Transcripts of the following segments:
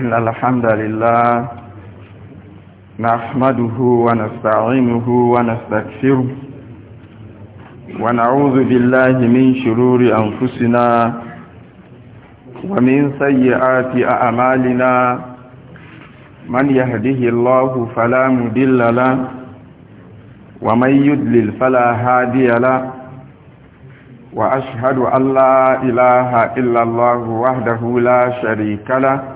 إن الحمد لله نحمده ونستعينه ونستكفره ونعوذ بالله من شرور أنفسنا ومن سيئات أعمالنا من يهده الله فلا مدل له ومن يدلل فلا هادي له وأشهد أن لا إله إلا الله وحده لا شريك له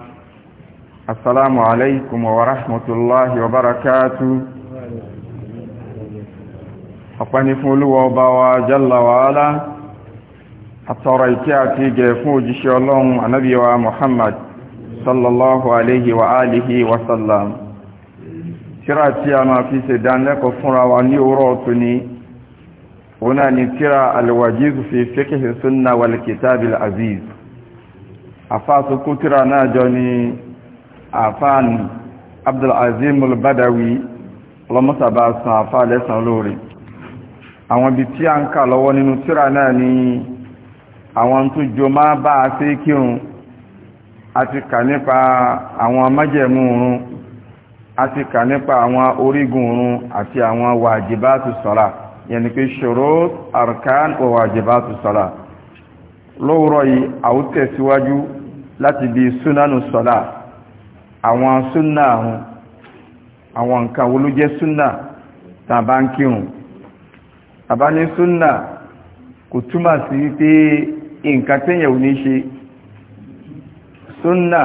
السلام عليكم ورحمة الله وبركاته ọ̀pẹ́ni fún olúwọ ọba wa jalla wa ala àtọrọ ìkẹ́ àti ìgẹ̀ fún òjíṣẹ́ ọlọ́run ànábì wa Muhammad sallallahu alaihi wa alihi wa sallam tíra tí a máa fi ṣe dánlẹ́kọ̀ fúnra wa ní òwúrọ̀ ọ̀tún ni ọ̀nà ni tíra al-wajiz fi fiqh sunna wal kitab al-aziz afáàtúkú tíra náà jọ ni àfáàní Abdulazim al-Badawi ọlọ́mọ́sàbá san àfáà lẹ́sàn olóore àwọn ibi tí a ń kà lọ́wọ́ nínú tíra náà ni àwọn tó jọ máa bá a ṣe kírun a ti kà nípa àwọn májẹ̀mú oorun a ti kà nípa àwọn orígun oorun àti àwọn wàjibátù sọ́lá yẹni pé shurut arkan wa wàjibátù sọ́lá lówùrọ̀ yìí àwútẹ̀síwájú láti bí súnánù sọ́lá àwọn súnà ahun àwọn nǹkan wo ló jẹ́ súnà tàbá ń kírun tàbá ní súnà kò túmọ̀ sí wípé nǹkan ò ní ṣe súnà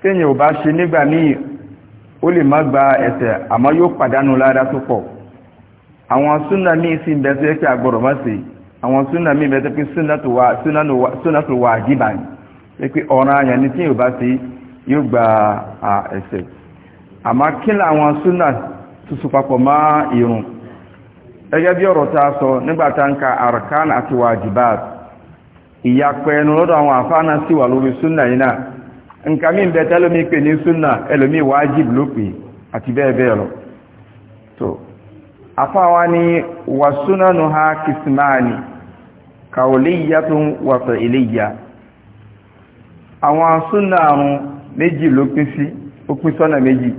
téèyàn ò bá ṣe nígbà míì ó lè má gba ẹ̀ṣẹ̀ àmọ́ yóò pàdánù lára tó pọ̀ àwọn súnà míì sì ń bẹ àgbọ̀rọ̀ má sí àwọn míì pé tó wà yóò gba ẹ̀ṣẹ̀ àmá kí láwọn súnà tuntun papọ̀ má irun ẹgẹ́ bí ọ̀rọ̀ ta sọ nígbàtà ń ka arkan àti wajibat ìyapẹ̀ ẹnu lọ́dọ̀ àwọn àfáànà sí wà lórí súnà yìí náà nǹkan mí bẹ tẹ́lómi pè ní súnà ẹlòmí wájib ló àti bẹ́ẹ̀ bẹ́ẹ̀ lọ tó afáwa ni wà súnà nù ha kìsìmáàni ìyá tó ń wàtọ̀ ilé ìyá àwọn méjì ló pín sí ó pín sọ́nà méjì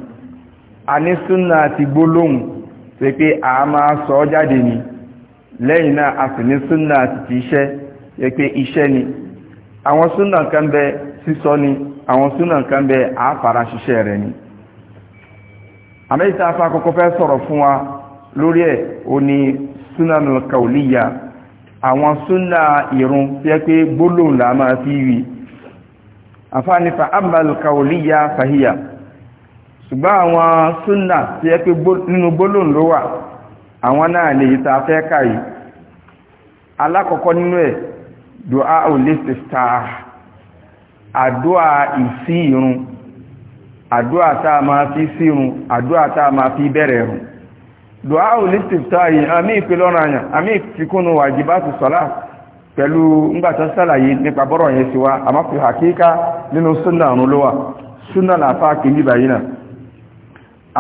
a ní súnà àti gbólóhùn tó pé a máa sọ ọ́ jáde ni lẹ́yìn náà a sì ní súnà àti ti iṣẹ́ yẹ pé iṣẹ́ ni àwọn súnà kan bẹ sísọ ni àwọn súnà kan bẹ àáfàrà ṣiṣẹ́ rẹ̀ ni àmẹ́ta afá kọ́kọ́ fẹ́ sọ̀rọ̀ fún wa lórí ẹ̀ o ní súnà nìkàwòlíyà àwọn súnà ìrun tí pé gbólóhùn là máa fi wí afọ a nifọ ambalika oliliya ahịhịa sugbo a wọn suna ti ekpe ninu bọlọn ruwa awọn naanị iji taa fẹ ka yi alakọkọ ninu e dua olistri staadọa isi irun adọa taa ma fi si irun adọa taa ma fi bere ẹrụ dua olistri staadi a mepe lọrọ anya a mepiti pẹ̀lú ngbàtọ́ sálàyé nípa bọ́rọ̀ yẹn sí wa a máa fi hàkíká nínú súnà ọ̀run lówà súnà làfá kìí báyìí náà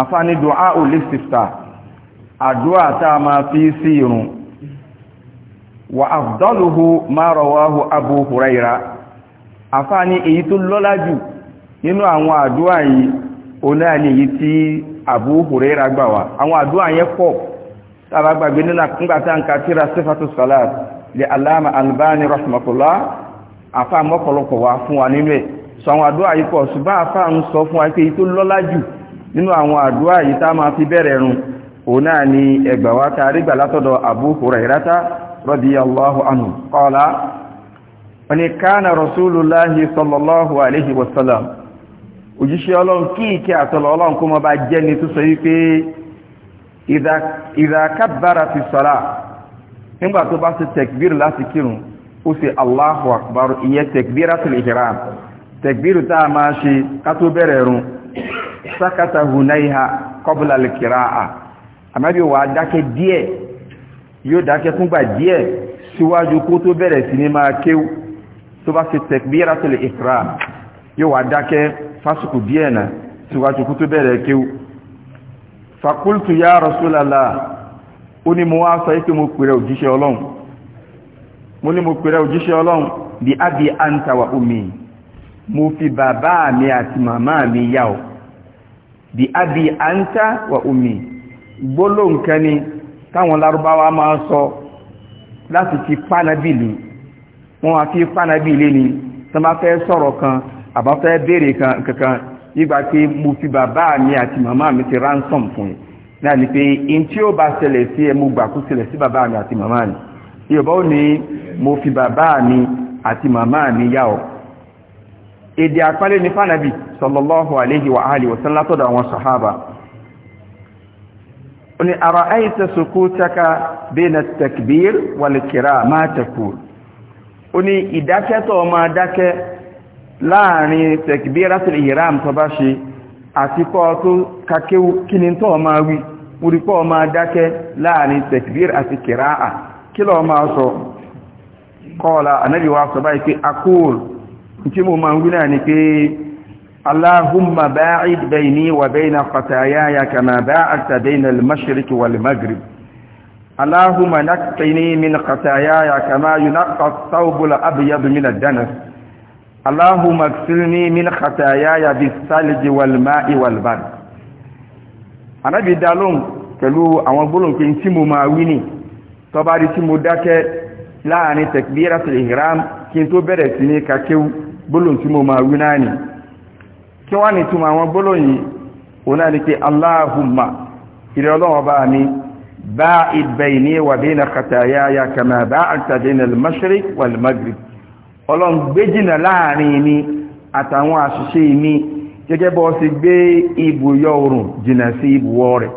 afá ní dùá ò lè tá a máa fi sí irun wà afdaluhu ma rawahu abu huraira afá ní èyí tó lọ́lá jù nínú àwọn àdúrà yìí oná èyí tí abu huraira gbà wá àwọn àdúrà yẹn pọ̀ tá gbàgbé nínú àkúngbàtà tíra lè aláàmà albani rahmatullah àfá mọ́kànlọ́kọ̀ wá fún wa nínú ẹ̀ sọ àwọn àdúrà yìí pọ̀ ṣùgbọ́n àfá ń sọ fún wa pé tó lọ́lá jù nínú àwọn àdúrà yìí tá máa fi bẹ̀rẹ̀ run òun náà ni ẹgbà wa ta rígbà látọ̀dọ̀ Abu Hurairata radiyallahu anhu qala wani kana rasulullahi sallallahu alaihi wasallam òjíṣẹ́ ọlọ́run kí ìkẹ́ àtọ́lọ ọlọ́run kó mọ́ bá jẹ́ ni tó sọ wípé idha idha kabbara fi salat nígbà tó bá ṣe tẹ̀kbírù láti kírun ó ṣe Allahu Akbar ìyẹn tẹ̀kbíratul ihram tẹ̀kbírù tá a máa ṣe ká tó bẹ̀rẹ̀ run sákàtà hunayha qabla al-qira'ah àmọ́bí wà dákẹ́ díẹ̀ yóò dákẹ́ fúngbà díẹ̀ síwájú kó tó bẹ̀rẹ̀ sí ní máa kéwú tó bá ṣe tẹ̀kbíratul ihram yóò wà dákẹ́ fakultu ya rasulallah ó ní mo wá sọ pé mo pèrè òjíṣẹ́ ọlọ́run mo ní mo pèrè òjíṣẹ́ ọlọ́run bí abi anta wa ummi mo fi bàbá mi àti màmá mi yá ọ bí abi anta wa ummi gbólóhùn kan ni táwọn lárúbáwá máa sọ láti fi pánábìlì wọn àfi pánábìlì ni tó máa fẹ́ sọ̀rọ̀ kan àbáfẹ́ béèrè kankan nígbà pé mo fi bàbá mi àti màmá mi ti ransom fún yìí náà ni pé in tí ó bá ṣẹlẹ̀ sí ẹ mo gbà kó ṣẹlẹ̀ sí bàbá mi àti màmá mi yorùbá ó ní mo fi bàbá mi àti màmá mi yá ọ èdè àpálẹ́ ní fánàbì sallallahu alayhi wa alihi wa sallam látọ̀dọ̀ àwọn sàhábà ó ní ara'ayta sukutaka bayna at-takbir wal ma taqul ó ní ìdákẹ́tọ̀ máa dákẹ́ láàrin takbiratul ihram tó bá ṣe àti kọ́ tó kakéwú kí múrípọ̀ máa dákẹ́ láàrin tekbir àti kìráà kí lọ máa sọ kọ́ọ̀lá ànábì wa sọ báyìí pé akúl tí mo máa ń wí náà ni pé aláhùnmà bá'id bayni wà bayna khatayaya kama bá'adta bayna al-mashriq anábì dá lóhùn pẹ̀lú àwọn gbólóǹkè tí mo máa wí ní tó bá rí tí mo dákẹ́ láàrin takbiratul ihram kí n tó bẹ̀rẹ̀ sí ní kakéwú gbólóǹ tí mo máa wí náà ni kí wá ní túnmọ̀ àtàwọn àṣìṣe mi gẹ́gẹ́ bọ́ sí gbé ibùyọ oòrùn jìnà sí ibùwọ̀ rẹ̀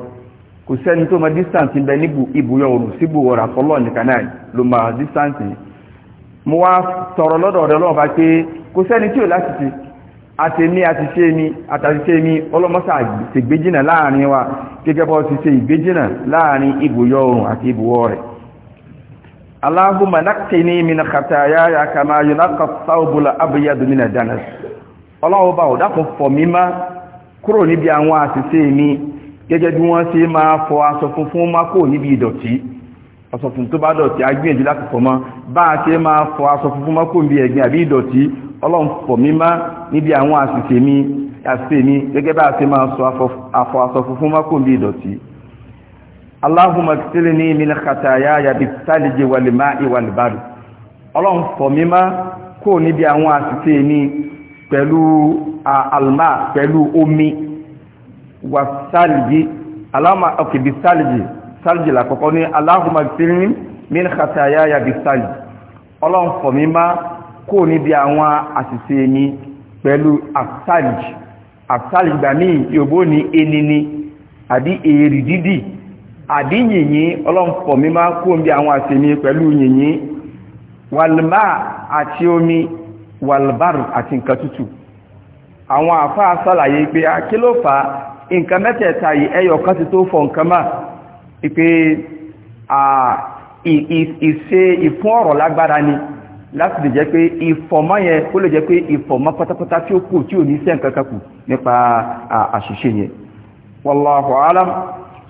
kò sẹ́ni tó ma distance bẹ ní ibùyọ oòrùn sí ibùwọ̀ rẹ̀ àfọlọ́ nìkan ló ma distance mo wá tọrọ lọ́dọ̀ rẹ̀ lọ́wọ́ bá pé kò sẹ́ni tí ò láti mi mi ọlọ́mọ́sà láàrin wa gẹ́gẹ́ bọ́ sí ṣe ìgbéjìnà láàrin ibùyọ oòrùn àti ibùwọ̀ rẹ̀ Allahumma naqqini min khataayaya ọlọ́wọ́ bá ọ̀dákùn fọ̀ mí má kúrò níbi àwọn àṣìṣe mi gẹ́gẹ́ bí wọ́n ṣe máa fọ aṣọ funfun má kò níbi ìdọ̀tí aṣọ funfun tó bá dọ̀tí agbìyànjú láti fọ̀ mọ́ bá a ṣe máa fọ aṣọ funfun má kò níbi ẹ̀gbin àbí ìdọ̀tí ọlọ́run fọ̀ mí má níbi àwọn àṣìṣe mi àṣìṣe mi gẹ́gẹ́ bá a ṣe máa fọ aṣọ funfun má kò níbi ìdọ̀tí Allahumma ksilni min khataaya bi mi pẹ̀lú alma pẹ̀lú omi wà sálìjì aláma ọkè bí sálìjì sálìjì làkọ́kọ́ ní min khataya ya bí sálìjì ọlọ́run fọ̀ kó níbi àwọn àṣìṣe pẹ̀lú asálìjì asálìjì gbà ní ní enini àbí èrì dídì àbí yìnyín ọlọ́run fọ̀ kó níbi àwọn àṣìṣe omi walbar àti nǹkan tútù àwọn àfáà sàlàyé pé a kí ló fà nǹkan mẹ́tẹ̀ẹ̀ta yìí ẹyọ kan ti tó fọ nǹkan máa pé ìṣe ìfún ọ̀rọ̀ lágbára ni láti lè jẹ́ pé ìfọ̀mọ́ yẹn kó lè jẹ́ pé ìfọ̀mọ́ pátápátá tí ó kù tí ò ní sẹ́ nǹkan kakù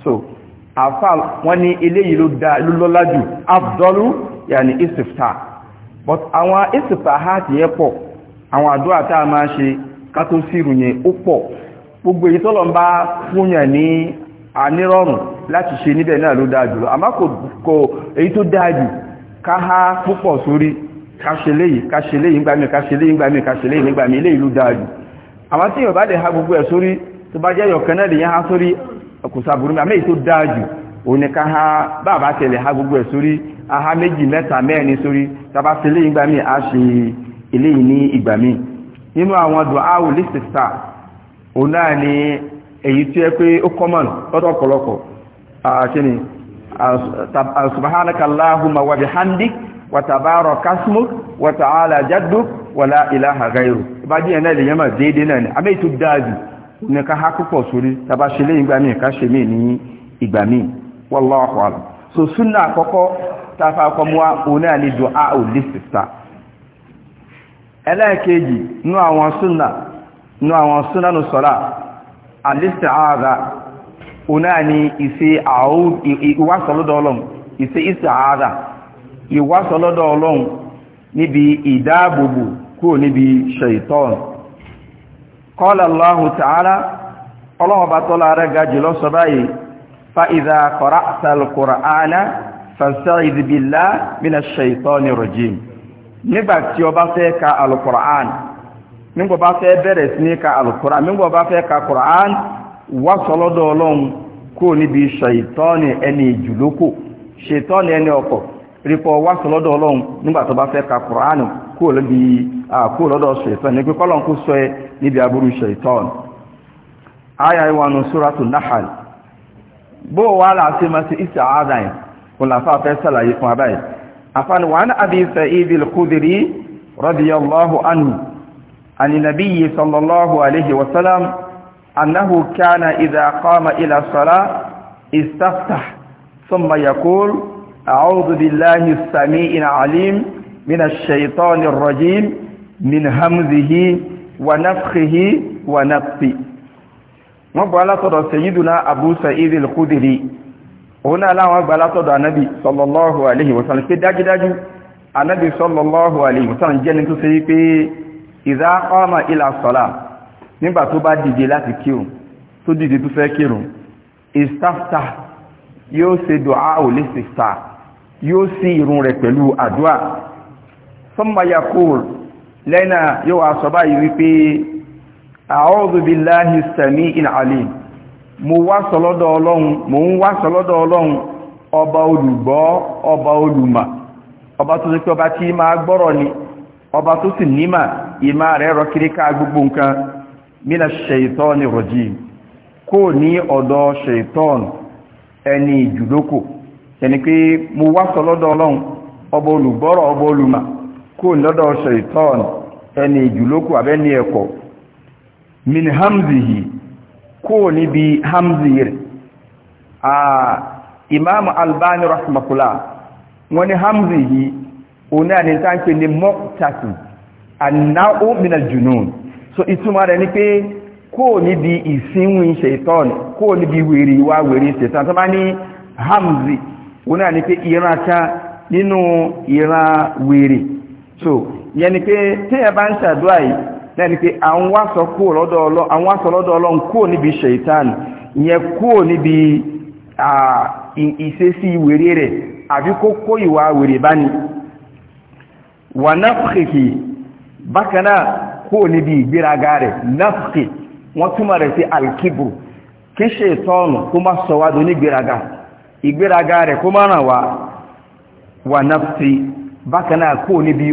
so àfáà wọ́n ní eléyìí ló lọ́lá jù but àwọn ìsìtàhátì yẹ pọ̀ àwọn àdúrà tá a máa ṣe ká tó sírù yẹn ó pọ̀ gbogbo èyí tọ́lọ̀ ń bá fúnyàn ní anírọ̀rùn láti ṣe níbẹ̀ náà ló dáa jùlọ àmá kò èyí tó dáa jù ká há púpọ̀ sórí ká ṣe léyìí ká ṣe léyìí nígbà míì ká ṣe oníká ha bàbá tẹ̀lẹ̀ ha gbogbo ẹ̀ sórí aha méjì mẹ́ta mẹ́rin sórí tàbá fi lé ìgbà míì a ṣe eléyìí ní ìgbà míì nínú àwọn duawu lísìsà òun náà ni èyí tí ẹ pé ó kọ́mọ̀nù lọ́dọ̀ ọ̀pọ̀lọpọ̀ wa bihamdik wa tabaraka ismuk wa ta'ala ilaha ghayru bá díẹ̀ náà lè yẹn ni àmì ètò dáàbì ní ká há púpọ̀ sórí tàbá ṣe lé ìgbà míì wallahu alam so sunna àkọ́kọ́ tá fa ko mu ona ni du'a ul istifta ẹlẹ́kejì nu àwọn sunna nu àwọn sunna nu sala al ona ni ise a'ud iwa solo do Ọlọ́hun ise isti'aza iwa solo do Ọlọ́hun níbi n'ibi kúrò níbi shaitan qala allah ta'ala Ọlọ́hun bá tọ́lá rẹ̀ ga jùlọ báyìí فإذا قرأت القرآن فاستعذ بالله من الشيطان الرجيم nígbà tí o bá fẹ́ ka alukur'an nígbà bá fẹ́ bẹ̀rẹ̀ sí ka alukur'an nígbà bá fẹ́ ka kur'an wá sọlọ́dọ̀ ọlọ́run kó níbi ṣàìtọ́ni ẹni ìjùlókò ṣàìtọ́ni ẹni ọkọ̀ rípọ̀ wá sọlọ́dọ̀ ọlọ́run nígbà ka kur'an kó níbi àkó lọ́dọ̀ ṣàìtọ́ni nígbà kọ́lọ́n bó wà láti máa ṣe ìṣẹ́ àádá yìí kùn láfá fẹ́ sàlàyé fún abáyé àfààní wà ní Abi Sa'id al-Khudri radiyallahu anhu عن النبي صلى الله عليه وسلم أنه كان إذا قام إلى الصلاة استفتح ثم يقول أعوذ بالله السميع العليم من الشيطان الرجيم من همزه ونفخه ونفسه wọ́n gbọ́ alátọ̀dọ̀ sẹ̀yídùná Abu Sa'id al-Khudri òun náà láwọn gbọ́ alátọ̀dọ̀ anábì sallallahu alaihi wasallam pé dájúdájú anábì sallallahu alaihi wasallam jẹ́ni tó ṣe wípé idha qama ila salah nígbà tó bá dìde láti kírun tó dìde tó fẹ́ kírun istaftah yóò ṣe du'a ul istiftah yóò sí irun rẹ̀ pẹ̀lú àdúà thumma lẹ́nà yóò wá sọ báyìí wípé àọ́dù bí láhì sẹ̀mí ìnàlè mo wá sọlọ́dọ̀ ọlọ́run mo wá ọba olùgbọ́ ọba olùmà ọba tó ti ọba tí máa gbọ́rọ̀ ọba tó sì nímà ìmá rẹ̀ rọ kiri ká gbogbo nǹkan mina ṣèitọ́ni rọ̀jì kò ní ní ọ̀dọ̀ ẹni ìjùlókò min hamzihi kó níbi hamzi rẹ̀ a imam albani rahmakula wani hamzihi ona ni ta ń pè ní mọ́tàkì annáwó junun so ìtumọ̀ rẹ̀ ni pé kó níbi ìsinwin shaitan kó níbi wèrè wiri wèrè shaitan tó bá ní hamzi ona ni pé ìran ta nínú ìran so yẹni pé tí ẹ bá ń na ni pe anwa so kuro nibi olo anwa so lodo olo nko ni bi shaitan ye kuro ni bi a isesi werere abi koko iwa were bani wa nafkhi bakana kuro n'ibi bi biragare nafkhi won tuma si alkibru ki shaitan kuma so wa do ni biraga igbiragare kuma wa wa nafsi bakana kuro ni bi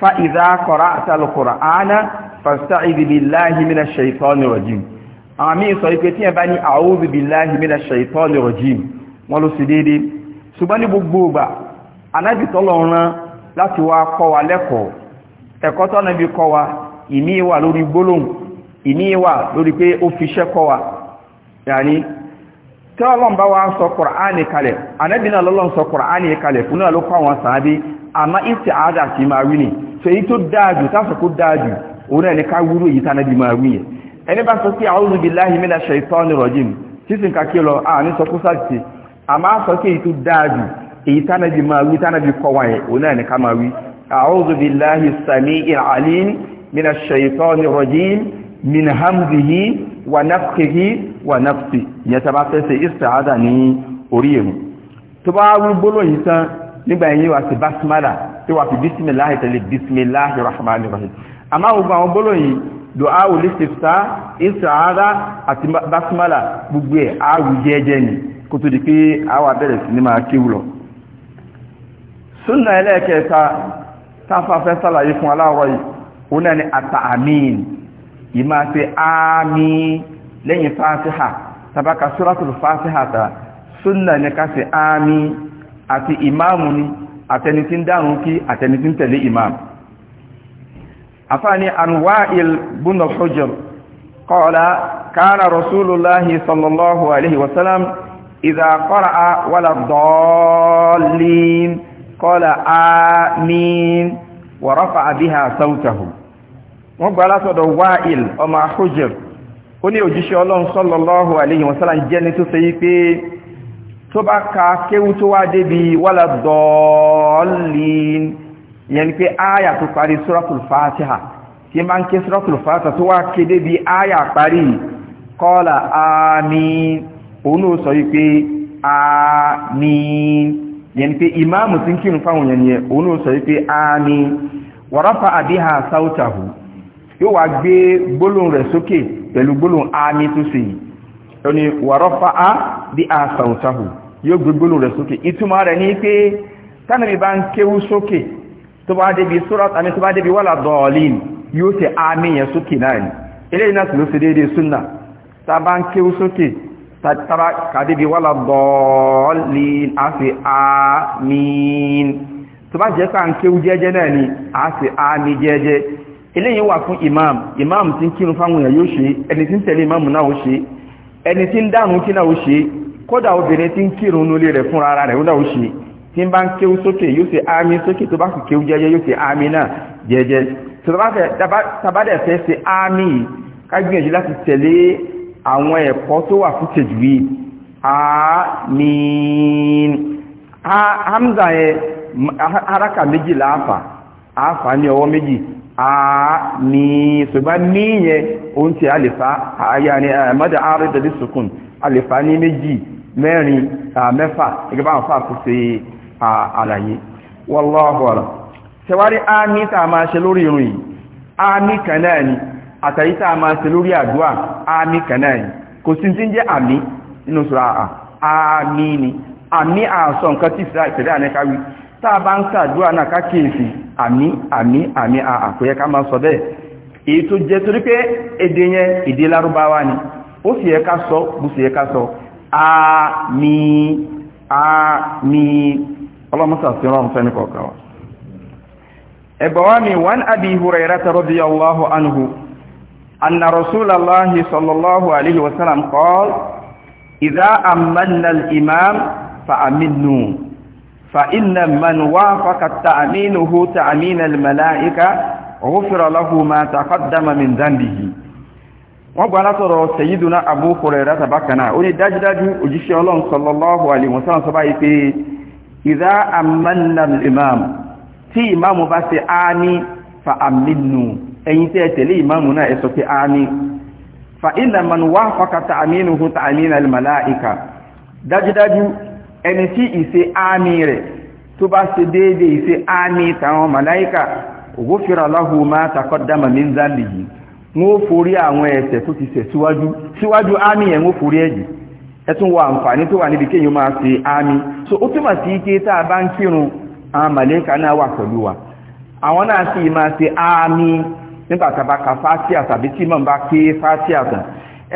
فإذا قرأت القرآن فاستعذ بالله من الشيطان الرجيم àmì sọ ìpé tí ẹ bá ní a'udhu billahi minash shaitani rajim wọ́n ló sì dédé ṣùgbọ́n ní gbogbo ọgbà anábì tọ́lọ rán láti wá kọ́ wa lẹ́kọ̀ọ́ ẹ̀kọ́ tọ́nà bí kọ́ wa ìní wà lórí gbólóhùn ìní wà lórí pé ó fi ṣẹ́ kọ́ wa yàní tọ́lọ́n bá wá sọ Kùránì kalẹ̀ anábì náà lọ́lọ́n sọ Kùránì kalẹ̀ fún náà ló kọ́ àwọn sàábí àmá isti'ada àti máa wí ni so èyí tó dáadù táfẹ́ kó dáadù òun ẹni ká wúrò yìí tánàbí máa wí yẹn ẹni bá sọ pé a'udhu billahi minash shaitani rajim títí nǹkan kí lọ àní sọ kó sáàtì àmá sọ pé èyí tó dáadù èyí tánàbí máa wí tánàbí kọ wá yẹn òun ẹni ká máa wí nígbà yẹn wà sí basmala tí wà fi bisimilahi tẹ̀lé bisimilahi rahmani rahim àmọ́ àwọn gbogbo àwọn gbólóyìn dùá olùsèfta ìsàárà àti basmala gbogbo ẹ̀ àwùjẹ́jẹ́ ni kò tó di pé àwà bẹ̀rẹ̀ sí ní máa kéwù lọ súnà ẹlẹ́ẹ̀kẹta táfàfẹ́ sàlàyé fún aláwọ̀ yìí ó ni àtàmín ìmá ṣe àti ìmáàmù ni àtẹni tí ń dárun kí àtẹni tí ń tẹ̀lé ìmáàmù afáàní anwa'il ibn al-hujr qala kana rasulullahi sallallahu alaihi wasallam idha qara'a wala dallin qala amin wa rafa'a biha sawtahu wọ́n gba tó bá ka kéwú tó wá débi wala dọ́ọ̀lìn yẹn pé áyà tó parí suratul fatiha tí máa ń ké suratul fatiha tó wá ké débi áyà parí kọ́lá àmín òun ó sọ wípé àmín yẹn pé ìmáàmù tí ń kírun fáwọn yẹn yẹn òun ó sọ wípé àmín wa rafa'a biha sawtahu yóò wá gbé gbólóhùn rẹ̀ sókè pẹ̀lú gbólóhùn àmín tó sì yìí ó ní wa rafa'a yóò gbégbónú rẹ̀ sókè ìtumọ̀ rẹ̀ ní pé tánàbí bá ń kéwú sókè tó bá débi sórà àmì tó bá débi wà ládọ̀ọ̀lìn yóò tẹ àmì yẹn sókè náà ni eléyìí náà sì ló fi déédéé súnà tá bá ń kéwú sókè tàbá kàdébi wà ládọ̀ọ̀lìn àfi àmì tó bá jẹ́ ká ń kéwú jẹ́jẹ́ náà ni àfi àmì jẹ́jẹ́ eléyìí wà fún imam imam tí ń kírun fáwọn èèyàn yóò ṣe ẹni tí ń tẹ̀lé imam náà ó ṣe ẹni tí ń dànù kí náà ó ṣe kódà obìnrin tí ń kírun nulé rẹ̀ ara rẹ̀ ó ṣe tí ń bá ń kéwú sókè yóò ṣe àmì sókè tó bá sì kéwú jẹ́jẹ́ yóò ṣe àmì náà jẹ́jẹ́ tàbádẹ̀ fẹ́ ṣe àmì láti tẹ̀lé àwọn ẹ̀kọ́ tó wà fún yìí hamza yẹ haraka méjì láàfà ní ọwọ́ méjì ṣùgbọ́n ní yẹn oúnjẹ àlèfà ni àárẹ̀ àlèfà ní méjì mẹ́rin mẹ́fà gẹ́gẹ́ bá ń fà kò ṣe àlàyé wallahu a'lam ṣẹwárí àmì tá a máa ṣe lórí irun yìí àmì kan náà ni àtàyí tá a máa ṣe lórí àdúrà àmì kan náà ni kò sí ti ń jẹ́ àmì nínú sura àmì ni àmì àṣọ nǹkan a bá ń ṣàdúrà náà ká kíyèsí àmì àmì ó sì yẹ ká sọ bó sì yẹ ká sọ àmín àmín ọlọ́mọsà sí ọlọ́run fẹ́ni kọ̀ọ̀kan wa ẹgbọ̀wá mi wọ́n àbí Hurayrata radiyallahu anhu anna rasulallahi sallallahu alaihi wasallam qala idha amanna al-imam fa'aminu فإن من وافق تأمينه تأمين الملائكة غفر له ما تقدم من ذنبه wọ́n gbà látọ̀rọ̀ sẹ̀yídùná Abu Hurairah tàbákanáà ó ní dájúdájú òjíṣẹ́ ọlọ́run sallallahu alaihi wasallam sọ báyìí pé ìdá àmànà imam tí imamu bá ṣe áání fa àmìnú ẹ̀yin tẹ́ tẹ̀lé imamu náà ẹ̀sọ́ pé áání fa inna man wọ́n forí àwọn ẹsẹ̀ tó ti sẹ̀ síwájú síwájú ámì ẹ̀ wọ́n forí ẹ ẹ̀tún wọ àǹfààní tó wà níbi kéèyàn máa ámì so ó túmọ̀ sí ike tá a bá ń kírun àwọn màlẹ́kà náà wà pẹ̀lú wa àwọn náà sì máa ṣe ámì nígbà tàbá ka tàbí tí mọ̀ bá ké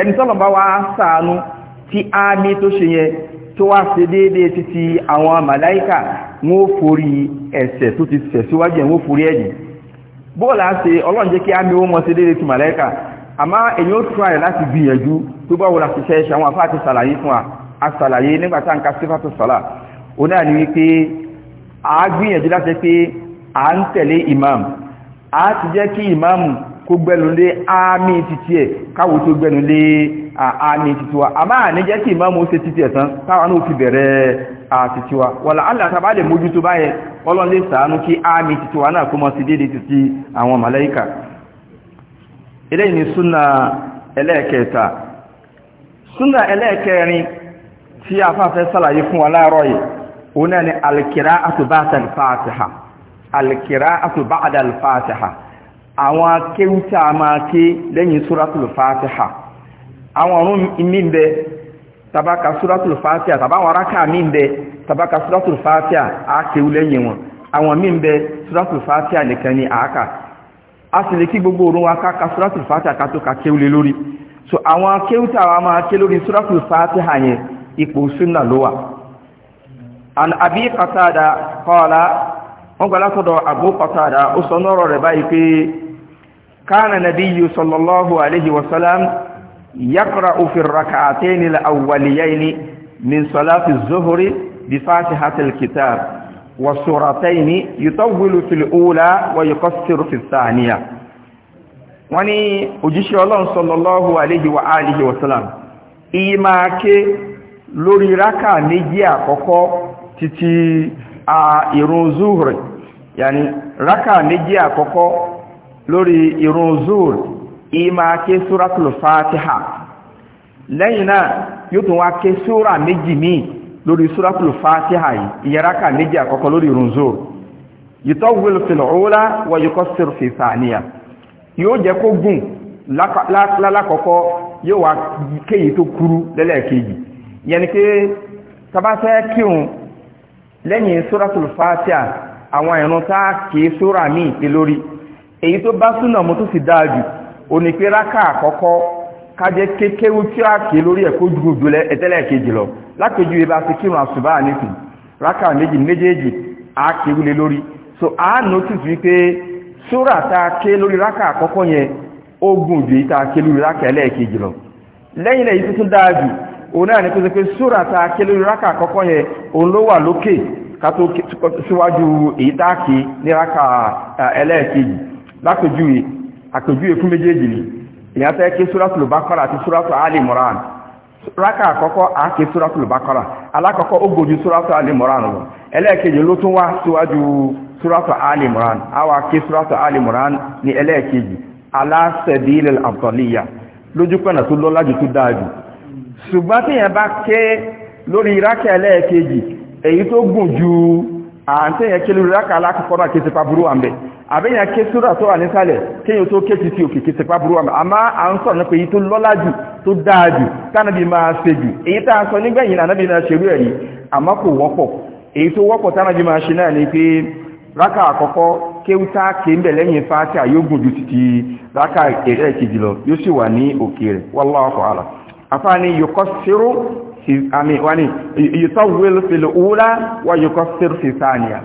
ẹni tọ́lọ̀ bá wá sàánú tí ámì tó ṣe tó wá ṣe déédéé títí àwọn bọ́ọ̀lù àti ọlọ́run jẹ́ kí á ní ó mọ́ sí dédé ti màlẹ́kà àmá èyí ó tún àyè láti gbìyànjú tó bá wọ́n láti ṣẹ́ṣẹ́ àwọn afá àti sàlàyé fún wa a sàlàyé nígbàtá nǹkan sífàtò sọ́là ó náà ní wípé a gbìyànjú láti pé a ń tẹ̀lé imam a ti jẹ́ kí imam kó gbẹ̀lú lé ámì títí ẹ̀ káwò tó gbẹ̀lú àmì titiwa àmá maa tí ìmọ́mù ó ṣe títí ẹ̀sán táwọn ó fi bẹ̀rẹ̀ àtitiwa wọ̀lá alàtàbà lè mójú tó báyẹ ọlọ́n sàánú kí àmì titiwa náà kó mọ́ sí dédé títí àwọn màláíkà ni alkira àwọn akéwútà máa ké lẹ́yìn súratul fatiha àwọn ọ̀run mi ń bẹ tabaka suratul fatiha tàbáwọn aráka mi bẹ tabaka suratul fatiha àákéwú lẹ́yìn wọn àwọn mi bẹ suratul fatiha nìkan ni a sì lè kí gbogbo orun wa ka suratul fatiha ká ka kéwú lé lórí so àwọn kéwútà wa máa ké lórí suratul fatiha yẹn ipò sunna ló wà an abi wọ́n látọ̀dọ̀ ó sọ rẹ̀ báyìí pé يقرأ في الركعتين الأوليين من صلاة الظهر بفاتحة الكتاب والسورتين يطول في الأولى ويقصر في الثانية wọ́n ní òjíṣẹ́ ọlọ́run sallallahu alayhi wa alihi wa sallam iye máa ké lórí rákà méjì àkọ́kọ́ títí a ìrun zuhri yàní rákà méjì àkọ́kọ́ lórí ìrun zuhri ìmá ké súratul fatiha lẹ́yìn náà yóò tún wá ké súra méjì míì lórí súratul fatiha yìí ìyẹ́ráka méjì àkọ́kọ́ lórí runzo yutawwil fil ula wa yuqassir fi thaniya yóò jẹ́ kó gùn lálákọ́kọ́ yóò wá kéyìí tó kúrú lẹ́lẹ́kejì yẹni pé tabafẹ́ kírun lẹ́yìn súratul fatiha àwọn ìrun ké súra míì lórí èyí tó bá súnà mo tó sì dáa jù òní pé rákà àkọ́kọ́ kájẹ́ kékeré tí a kì í lórí ẹ̀kọ́ dùn ẹ̀tẹ́lẹ̀ kejì lọ lápèjú ibà ti kírun àṣùbá àníkùn méjì méjèèjì a wúlé so a notice wípé sóra tá a ké lórí raka àkọ́kọ́ yẹn ó gùn ju ìta ké lórí rákà ẹlẹ́ẹ̀kejì lọ lẹ́yìn lẹ́yìn tuntun dáa jù òun náà ní pé sóra tá a ké lórí rákà àkọ́kọ́ yẹn òun ló wà àpèjúwe fún méjèèjì ni èèyàn fẹ́ ké sóràtù lùbákọ́rà àti sóràtù alì mọ́ràn rákà àkọ́kọ́ àáké sóràtù lùbákọ́rà alákọ̀ọ́kọ́ ó gòjú sóràtù alì mọ́ràn lọ ẹlẹ́ẹ̀kejì ló tún wá síwájú sóràtù alì mọ́ràn àwa ké sóràtù alì mọ́ràn ní ẹlẹ́ẹ̀kejì aláṣẹ̀dílẹ̀ àbọ̀líyà lójú pẹ̀nà tó lọ́lá jù tó dáa lori ṣùgbọ́n tí yẹn bá ké lórí rákà ẹlẹ́ẹ̀kejì èyí tó gùn ju àǹtẹ̀yẹ àbẹ́yàn ké súrà tó wà nísàlẹ̀ kéyàn tó ké títí òkè kìí tẹ̀pá burú àmà àmá à ń sọ̀rọ̀ nípa èyí tó lọ́lá jù tó dáa jù tánàbí máa ṣe jù èyí tá a sọ nígbẹ̀yìn ànábì náà ṣerú ẹ̀rí àmá kò wọ́pọ̀ èyí tó wọ́pọ̀ tánàbí máa ṣe náà ni pé rákà àkọ́kọ́ kéwú tá a ké ń bẹ̀ lẹ́yìn fáti àyógùn ju títí rákà ẹ̀kejì lọ yóò sì wà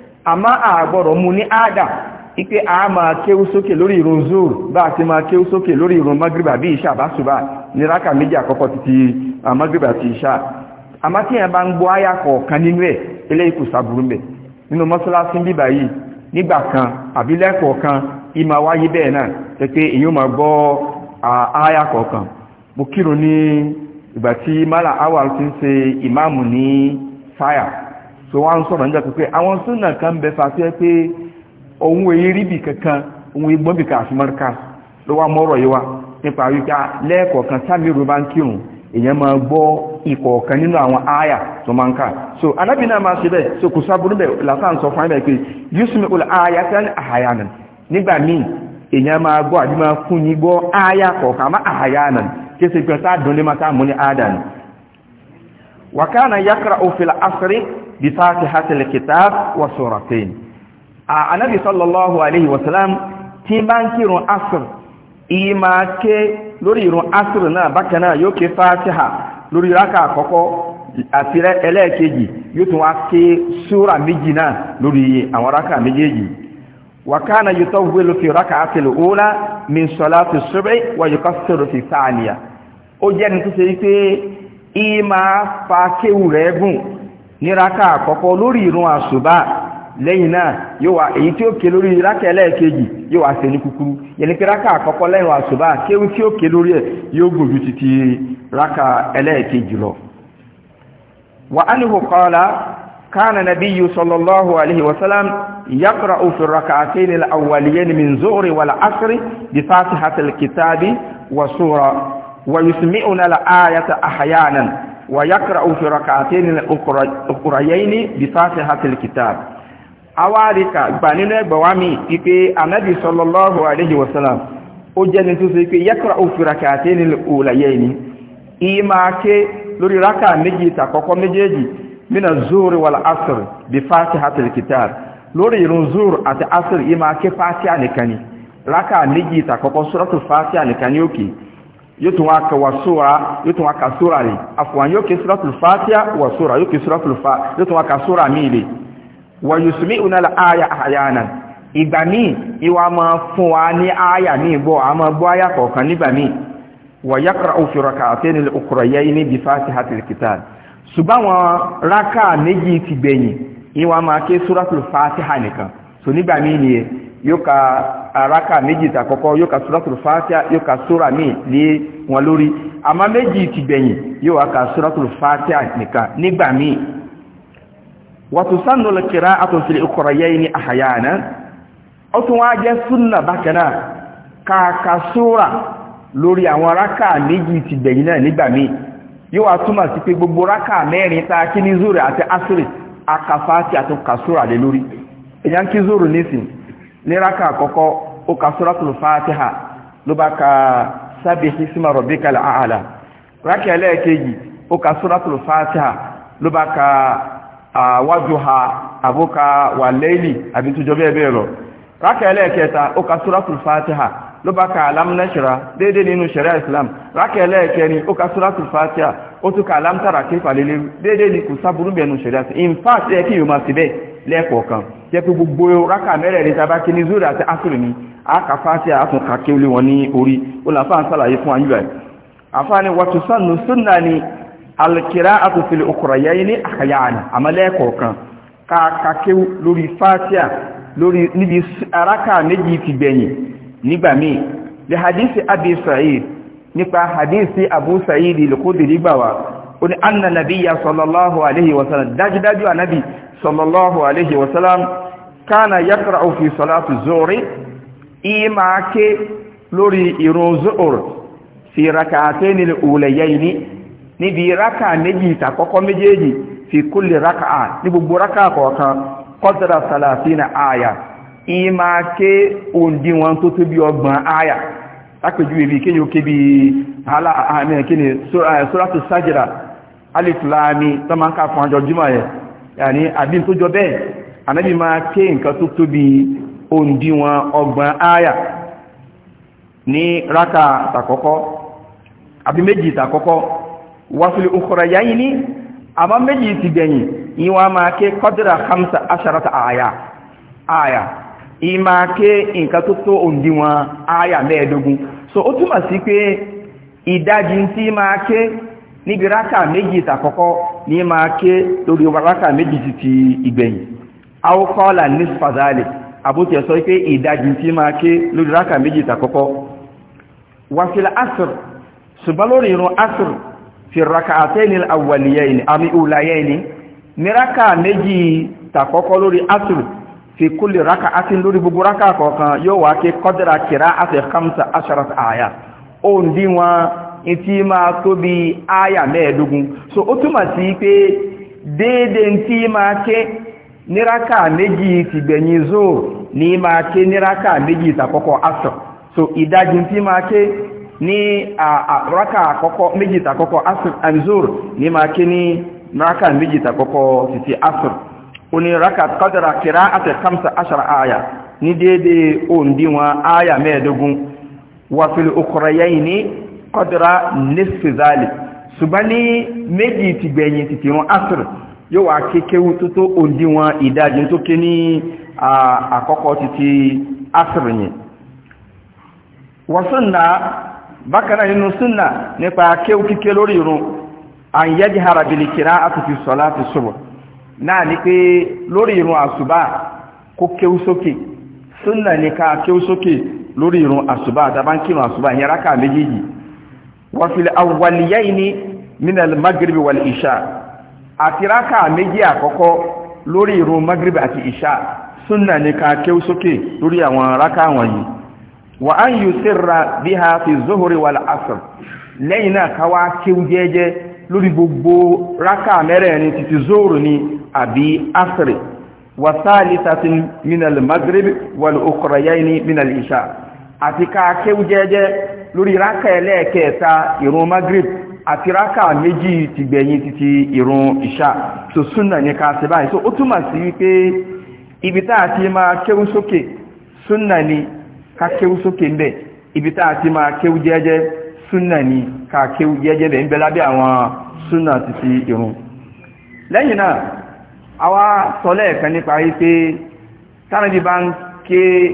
ama agbọrọ mú ní ádà ipé a ma kéwú sókè lórí zuru zoro bá ti máa lori sókè magriba bí ìṣà bá ní rákà méjì àkọ́kọ́ títí magriba ti ìṣà àmá tí ẹ̀ bá ń gbọ́ áyà kọ̀ọ̀kan nínú ẹ̀ eléyìí kò mẹ́ nínú mọ́sálásí bíbà yìí nígbà kan àbí lẹ́kọ̀ọ̀kan ìmọ̀ wáyé bẹ́ẹ̀ náà tẹ́ pé mala awal ti ń ṣe ìmáàmù ní so wọ́n ń sọ̀rọ̀ níjọ́ pé àwọn súnà kan bẹ fàṣẹ pé òun èyí rí bì kankan òun ìgbọ́n bì kàṣí mọ́ríkà ló wá mọ́rọ̀ yìí wá nípa wípé ah, lẹ́ẹ̀kọ̀ọ̀kan sámìrò bá ń kírun èèyàn máa gbọ́ ìkọ̀ọ̀kan so anábì náà máa ṣe bẹ́ẹ̀ so kò sábúrú bẹ́ẹ̀ lásán sọ fún ẹ̀ pé yusuf nà nígbà míì èèyàn máa gbọ́ àbí máa fún ní gbọ́ kọ̀ọ̀kan má nà pé sáà máa sáà mú بفاتحة الكتاب وسورتين النبي صلى الله عليه وسلم تيمان كيرو عصر إما كي لوري يرو عصر نا بكنا يوكي فاتحة لوري راكا كوكو àfirẹ́ ẹlẹ́ẹ̀kejì yóò tún wá ké súra méjì náà lórí àwọn rákà méjèèjì wàkánà yóò tọ́wọ́ wélo fi rákà àtìlò òòlá min sọ́lá fi ṣúrẹ́ wà yóò fi sáàlìyà ó jẹ́ ní tó ṣe wípé fa kéwù rẹ̀ níraka àkọ́kọ́ lórí ìrun àṣùbá lẹ́yìn náà yóò wá èyí tí ó ké lórí rákà ẹlẹ́ẹ̀kejì yóò wá ṣe ní kúkúrú yẹni pé rákà àkọ́kọ́ lẹ́yìn àṣùbá kéwú tí ó ké lórí ẹ̀ yóò gbòjú títí rákà ẹlẹ́ẹ̀kejì lọ. wà á níhò kọ́lá kánà nàbí yìí sọlọ́lọ́hù aleyhi wa yàkùrà òfin rákà àtẹ́ni àwàlìyẹ́ ni min wà láásírì bí fásihàtàl kìtàbí wà sóra wà yùsùmí ويقرأ في ركعتين الأخريين بفاتحة الكتاب awarika gbaninu egbawa mi ipe anabi sallallahu alaihi wasallam ó jẹ́ ni tó ṣe pé yakra ofiraka ate ni ulaye ni ima ke lórí raka méjì ta kọ́kọ́ méjèèjì mina zuhri wal asr bi fatihatil kitab lórí ìrun zuhri àti asr ima ke fatiha nìkan ni raka méjì ta kọ́kọ́ suratul fatiha nìkan ni oke okay yóò tún wá ka wà sóra yóò tún wá ka sóra rè àfọwọ́n yóò ké suratul fatiha wà sóra yóò ké suratul fa yóò wá ka sóra míì rè wà yusumi una la aya ahyana ìgbà míì ìwà máa fún wa ní aya míì bọ́ a máa gbọ́ aya kọ̀ọ̀kan nígbà míì wà yàkàrà òfin raka àtẹni ukhrayaini bi raka méjì ti gbẹ̀yìn ìwà máa ké suratul fatiha nìkan yóò araka méjì tàkọ́kọ́ yóò ka suratul fatiha yóò ka sura mi lé wọn lórí àmọ́ méjì ti gbẹ̀yìn yóò wá ka suratul fatiha nìkan nígbà míì wàtúsánù lẹ́kìrá àtúnṣe ìkọ̀rọ̀yẹ́ ní àhàyànà ó tún wá jẹ́ súnà bákanáà kàkà sura lórí àwọn araka méjì ti gbẹ̀yìn náà nígbà míì yóò wá túmọ̀ sí pé gbogbo raka mẹ́rin ta kí ní zúrì àti asiri akafaati àti kasura lé lórí èyàn kí zúrì nísìnyí niraka akọkọ àkọ́kọ́ suratul fatiha ha bá ka sábẹ̀ hisima raka a'la rákà ẹlẹ́ẹ̀kejì suratul fatiha ha bá ka ha abụka wa lẹ́yìn àbí tó ebe bẹ́ẹ̀ bẹ́ẹ̀ suratul fatiha ha bá ka alámúnáṣẹ́ra déédéé n'inu islam raka ẹ̀kẹrin ó ka súrátù fàtíà ka in fact eke lẹ́ẹ̀kọ̀ọ̀kan jẹ́ pé gbogbo rákà mẹ́rẹ̀ẹ̀rin tàbá kí ní zúrà àti asìrì ní àkàfáàtì àtúnkà kí ó lé wọn ní orí olàfáà ń sàlàyé fún àyíwẹ̀ àfáàní wàtú sánú súnà ni alkira àtúnfilẹ̀ okùnrayá ní àkàyàní àmọ́ lẹ́ẹ̀kọ̀ọ̀kan kàkàkí lórí fátíà hadisi abi sa'id nípa ó ní anna nabiyya sallallahu alaihi wasallam dájúdájú ànábì sallallahu alaihi wasallam kana yaqra'u fi salati zuhri ima ke lórí ìrun zuhur fi rak'atayn al-ulayayn ní bi raka méjì ta kọ́kọ́ méjèèjì fi kulli raka'a ní gbogbo raka kọ̀ọ̀kan qadra salatina aya ima ke ondi wọn tó tó bí ọgbọ̀n aya lápèjúwe bí kéyìn ó ké bí hálà àmì kíni sóràtù sájìrà alifulami tó máa ń ká fún àjọjúmọ̀ ẹ̀ yàní àbí tó jọ bẹ́ẹ̀ anábì máa ké nǹkan tó tóbi òǹdíwọ̀n ọgbọ̀n áyà ní rákà tàkọ́kọ́ àbí méjì tàkọ́kọ́ wáfílì òkúra yáyí ní àbá méjì ti gbẹ̀yìn ìwọ̀n maa kee asharata so tí máa níbi rákà méjì ìtàkọ́kọ́ ní máa ké lórí rákà méjì ti ti ìgbẹ̀yìn aukọ́ọ̀là ní fàzálì àbútí ẹ̀sọ́ pé ìdajì tí máa ké lórí rákà méjì ìtàkọ́kọ́ wàfíl asr ṣùgbọ́n lórí irun asr fi rákà àtẹ́ni àwàlìyàní àmì ìwòlàyàní ní rákà méjì ìtàkọ́kọ́ lórí asr fi kúlì rákà àti lórí gbogbo rákà kọ̀ọ̀kan yóò wá ké kọ́dẹ̀rà kìrá àti asharat àyà ó ń tí máa tó bí áyà mẹ́ẹ̀dógún so ó túmọ̀ sí pé déédé tí máa ké níraka méjì ti gbẹ̀yìn zoo ní máa ké níraka méjì asọ̀ so ìdájí tí máa ké ní àraka àkọ́kọ́ méjì tàkọ́kọ́ asọ̀ ní máa ké ní raka méjì tàkọ́kọ́ títí asọ̀ ó ní raka kọ́dára kìrá àti kamsa ashara áyà ní déédé áyà mẹ́ẹ̀dógún wàfil ni. kọ́dìrá nẹ́sìzálì ṣùgbọ́n ní méjì ti gbẹ̀yìn ti tìrún asìrì yóò wà kékeré tó tó òdíwọn ìdájí tó ké ní àkọ́kọ́ títí asìrì yẹn wọ́sùnà bákanáà nínú súnà nípa kéwú kíké lórí irun àyẹ́jì harabili kìrá àtúfi sọ́lá ti ṣubọ̀ náà ni pé lórí irun àṣùbà kó kéwú sókè súnà ní ká sókè lórí irun àṣùbà ìyẹn rákà wafil awwaliyaini minal maghrib wal isha àti raka méjì àkọ́kọ́ lórí ìrun maghrib àti isha sunna ni ká kéw sókè lórí àwọn raka wọ̀nyí wa an yusirra biha fi zuhri wal asr lẹ́yìn náà ká wá kéw jẹ́jẹ́ lórí gbogbo raka mẹ́rẹ̀ẹ̀rin títí zuhri ni àbí asr wa thalithatin minal maghrib wal ukhrayaini minal isha àti ká kéwú jẹ́jẹ́ lórí rákà ẹlẹ́ẹ̀kẹta ìrun magrib àti meji méjì ti gbẹ̀yìn títí ìrun ìṣà tó súnà ní ká ṣe báyìí so ó túmọ̀ sí wípé ibi tá àti máa kéwú sókè súnà ni ká kéwú sókè ń bẹ̀ ibi tá ti máa kéwú jẹ́jẹ́ súnà ká kéwú jẹ́jẹ́ bẹ̀ ń bẹ lábẹ́ àwọn súnà títí lẹ́yìn náà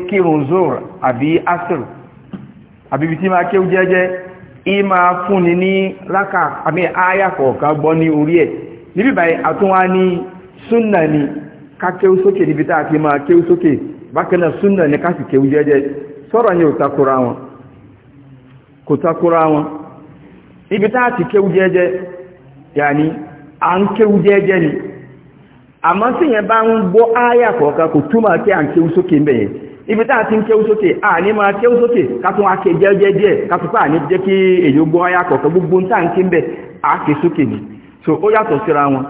kírun zor àbí asr àbíbi tí ma kéwú jẹ́jẹ́ í máa fúnni ní láka àmì àyà gbọ́ ní orí ẹ̀ níbi báyìí àtúnwá ní ni ká kéwú sókè níbi tá a ti máa kéwú sókè bákan náà ni ká sì kéwú jẹ́jẹ́ kò wọn níbi a ti à ni àmọ́ tí yẹn bá ń gbọ́ áyà kọ̀ọ̀kan kò túmọ̀ tí à ń kéwú sókè ibi tá a ti a ní máa kéwú sókè ká tún ake jẹ́jẹ́ díẹ̀ ká fà ní jẹ́ kí èyí gbọ́ kọ̀ọ̀kan gbogbo tá à ń ké mbẹ̀ a ké sókè so ó yàtọ̀ síra wọn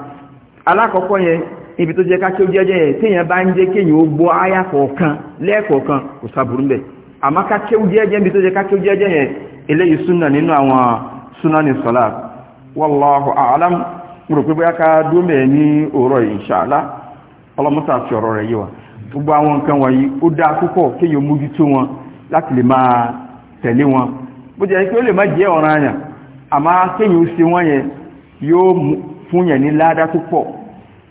alákọ̀ọ́kọ́ yẹn ibi tó jẹ́ ká kéwú jẹ́jẹ́ yẹn tí yẹn bá ń jẹ́ kéyìn gbọ́ kọ̀ọ̀kan lẹ́ẹ̀kọ̀ọ̀kan kò mo rò pé bóyá ká dómẹ̀ ní òórọ̀ inshallah ọlọ́mọ́ta fi ọ̀rọ̀ rẹ̀ yé wa gbogbo àwọn nǹkan wọ̀nyí ó dáa púpọ̀ kéèyàn mójútó wọn láti lè máa tẹ̀lé wọn bó jẹ́ pé ó lè má jẹ́ ọ̀ràn àyàn àmọ́ kéèyàn ó ṣe wọ́n yẹn yóò fún yẹn ní ládá tó pọ̀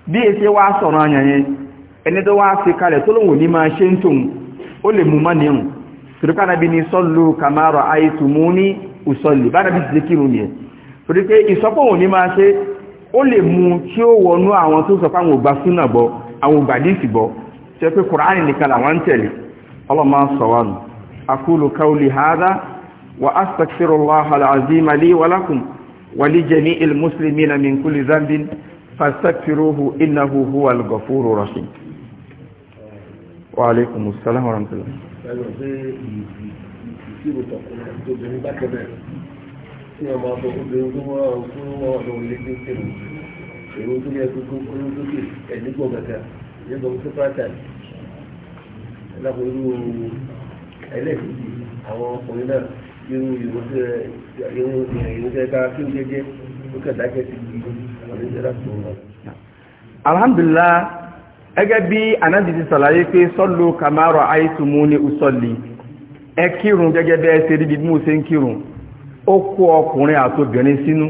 bí èsẹ́ wá sọ̀rọ̀ àyàn yẹn ẹni tó wá fi kalẹ̀ tó lóhùn ní máa ṣe ń tòun ó lè mú mọ́ni rùn tìrìkánàbí ni sọ́lù kàmárọ̀ àìtùmú ní ìsọ̀lì bánàbí ti kírun ó lè mú tí ó wọnú àwọn tó sọ fáwọn ògbà súnà bọ àwọn ògbà díìsì bọ ṣe pé kùránì nìkan làwọn ń tẹ̀lé ọlọ́mọ sọ̀wọ́nù akúlù káulì hádá wa astaghfirullah alazim li wa lakum wa li jami'il muslimina min kulli dhanbin fastaghfiruhu innahu huwal ghafurur rahim wa alaikumus salam wa rahmatullah tí ọmọ ọmọ obìnrin tó wọ́n ọ̀rọ̀ fún wọn ọ̀nà òlé tó kéwù èrò tó yẹ kókó kóró lókè ẹ̀mí gbọ̀ gàgà yóò gbọ́ sí pátán ẹlẹ́kùnrin ẹlẹ́kùnrin àwọn ọkùnrin náà irú ìrún tẹ́ ká kí ó jẹ́jẹ́ ó kẹ̀ dákẹ́ sí ọ̀rẹ́ ìjẹ́lá tó wọn. alhamdulillah ẹgẹ́ bí anájì ti sàlàyé pé sọ́lù kamaro àìsùnmú ní usọ́lì ẹ kírun gẹ́gẹ́ bẹ́ẹ̀ ṣe rí bí mo ṣe ń ó kó ọkùnrin àtobìnrin sínú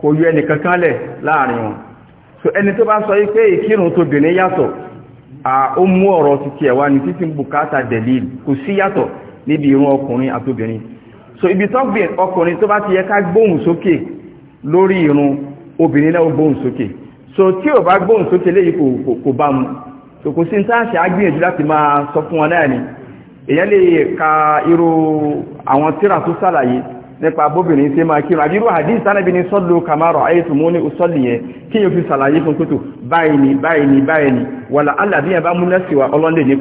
kò yọ ẹnìkan kánlẹ̀ láàrin wọn so ẹni tó bá sọ wípé ìkírun tóbìnrin yàtọ̀ ó mú ọ̀rọ̀ títí ẹ̀wà ní títí bùkátà dẹ̀lì kò sí yàtọ̀ níbi ìrun ọkùnrin àtobìnrin so ibi tọ́gbìn ọkùnrin tó bá ti yẹ ká gbóhùn sókè lórí ìrun obìnrin náà gbóhùn sókè so tí ò bá gbóhùn sókè léyìí kò bá mu so kò sí ní táàṣì á gbìyànjú láti máa sọ fún wọn náà ni èyàn lè ka irú àwọn tíra tó sàlàyé nípa bóbìnrin tí máa kírun àbírú hadith sánàbí ní sọ́lù kàmárọ̀ ayétùmú ní ìsọ́lù yẹn kí yóò fi sàlàyé fún kútù báyìí ni báyìí ni báyìí ni wàlá alàbíyàn bá múlẹ̀ síwá ọlọ́lẹ̀ ní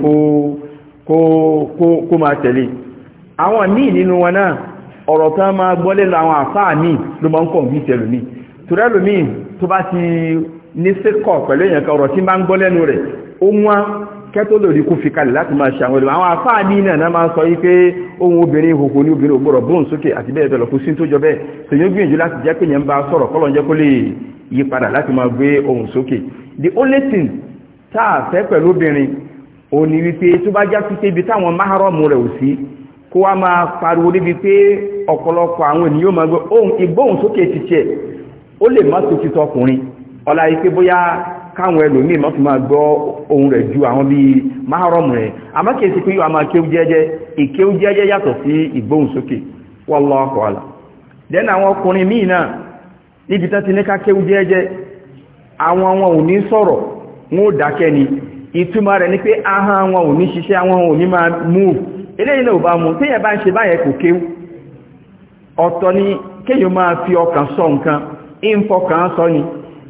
kó máa tẹ̀lé àwọn míì nínú wọn náà ọ̀rọ̀ tán máa gbọ́lé lọ àwọn àfáà míì ló máa ń kọ̀ bí tẹ̀lú míì kẹ́tó lòdì kú fi kalẹ̀ láti máa ṣe àwọn ẹlòmí àwọn afáà ní náà náà máa ń sọ yí pé ohun obìnrin ìhòhò ní obìnrin ògbọ́rọ̀ bóun sókè àti bẹ́ẹ̀ bẹ́ẹ̀ lọ kú sí tó jọ bẹ́ẹ̀ tèyí gbìyànjú láti jẹ́ pé yẹn ń bá sọ̀rọ̀ kọ́lọ̀ jẹ́ kó lè yí padà láti máa gbé ohun sókè the only thing tá a fẹ́ pẹ̀lú obìnrin ò ní wípé tó bá já sí pé ibi táwọn máhárọ̀mù rẹ̀ ò sí kó wá máa pariwo débi pé ọ̀pọ̀lọpọ̀ àwọn ènìyàn máa gbé ohun ìgbóhùn ti tiẹ̀ ó lè má tó ti tọkùnrin ọ̀la yìí pé bóyá káwọn ẹlòmíì mọ́tún máa gbọ́ ohun rẹ̀ ju àwọn bíi máhárọ̀mù rẹ̀ àmọ́ pé yóò máa kéwú jẹ́jẹ́ ìkéwú jẹ́jẹ́ yàtọ̀ sí ìgbóhùnsókè wallahu ala dẹ́nà àwọn ọkùnrin míì náà níbi tán ti ní ká kéwú jẹ́jẹ́ àwọn wọn ò sọ̀rọ̀ wọn ò dákẹ́ ni ìtumọ̀ rẹ̀ ni pé ahọ́n wọn ò ṣiṣẹ́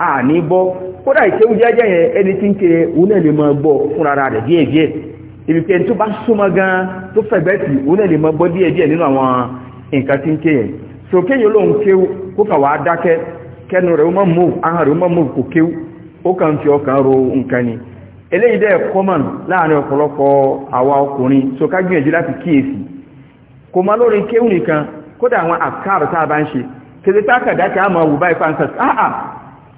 A bọ́ kódà ìkéwú jẹ́jẹ́ yẹn ẹni tí ń ké òun náà lè máa gbọ́ fúnra rẹ̀ díẹ̀díẹ̀ ibi pé tó bá súnmọ́ gan tó fẹ̀gbẹ́ sí òun náà lè máa gbọ́ díẹ̀díẹ̀ nínú àwọn nǹkan tí ń ké so kéyìn olóhun kéwú kó kà wá dákẹ́ kẹnu rẹ̀ ó mọ́ mú ahọ́n rẹ̀ ó mú kò fi ọkàn ro nǹkan ni eléyìí dẹ́ kọ́mọ̀n láàrin ọ̀pọ̀lọpọ̀ so ká kéwù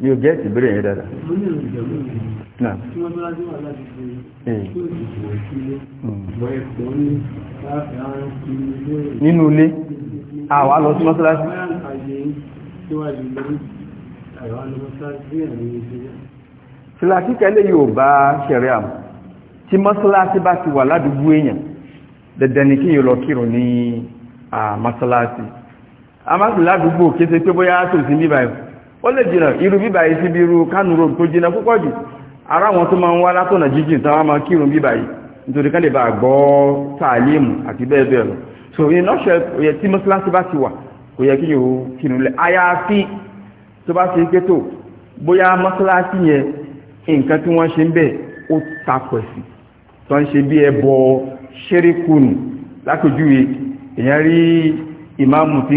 ní o gẹ́ẹ̀tì bẹ̀rẹ̀ yẹn dára nínú ilé àwà lọ sí mọ́sálásí sílásíkẹ́ lè yóò bá ṣẹ̀rẹ́ àmù tí mọ́sálásí bá ti wà ládùúgbò èèyàn dẹ̀dẹ̀ ní kí yóò lọ kírun ní mọ́sálásí a máa sì ládùúgbò kése pé bóyá tòsí níbàáyìí ó lè jìnà irú bíbà yìí sí bí irú Kánò road tó jìnà púpọ̀ jù ara wọn tó ma ń wá látọ̀nà jíjìn tán wá máa kírun bíbà yìí nítorí kán lè bá gbọ́ tààlímù àti so iná ṣe tí mọ́sálásí bá ti wà kò yẹ kí yòó kírun lẹ̀ àyàfi tó bá ṣe pé tó bóyá mọ́sálásí yẹn nǹkan tí wọ́n ṣe ń bẹ̀ ó tó ń ṣe bí ṣerékùnù rí ìmáàmù tí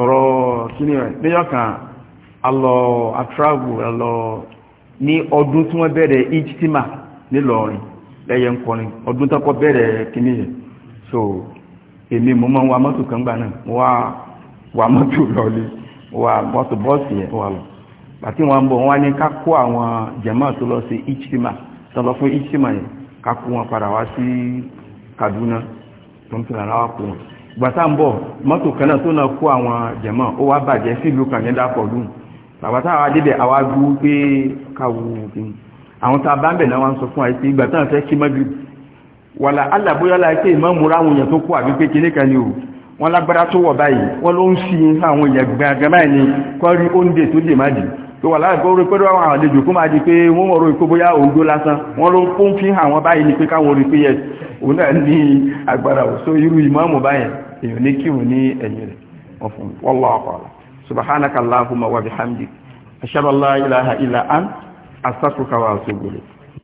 ọ̀rọ̀ kíní rẹ̀ níjọ́ kan alọ́ atragu alọ́ ní ọdún tí wọ́n bẹ̀rẹ̀ ijtima nílọrin lẹ́yẹ ń kọrin ọdún tó kọ́ bẹ̀rẹ̀ kíní so èmi mo wa mọ́tò kan gbà náà mọ́tò wa mọ́tò bọ́ọ̀sì yẹn wà lọ àti wọn bọ̀ wọn n'i ká kó àwọn jẹ̀mọ́ tó lọ sí ijtima tó lọ fún ijtima yẹn ká kó wọn padà wá Kaduna tó ń tẹ̀lé aláwọ̀ kó wọn. gbàtà ń bọ̀ mọ́tò kan náà tó náà kó àwọn jẹ̀mọ́ ó wá bàjẹ́ sílùú kan yẹn dápọ̀ lóhùn bàbátà àwọn adébẹ̀ àwọn agbó pé káwò òfin àwọn tá a bá ń bẹ̀ náà wọ́n sọ fún àìsí ìgbà tán fẹ́ kí mọ́gbì wà láàbóyá láìsí ìmọ̀múra àwọn èèyàn tó kó àbí pé kíní kan ni o wọ́n lágbára tó wọ̀ báyìí wọ́n ló ń fi àwọn èèyàn gbàgbà báyìí ni kọ́ oúnjẹ tó dè má dì tó wà láì gbọ́rọ̀ pẹ́rọ àwọn àlejò kó máa di pé wọ́n mọ̀ ròyìn kó bóyá òǹdó lásán wọ́n ló fún fi hàn wọ́n báyìí ni pé káwọn orí pé yẹ òun náà ní agbára òsó irú ìmáàmù báyẹn èèyàn ní kírun ní ẹ̀yìn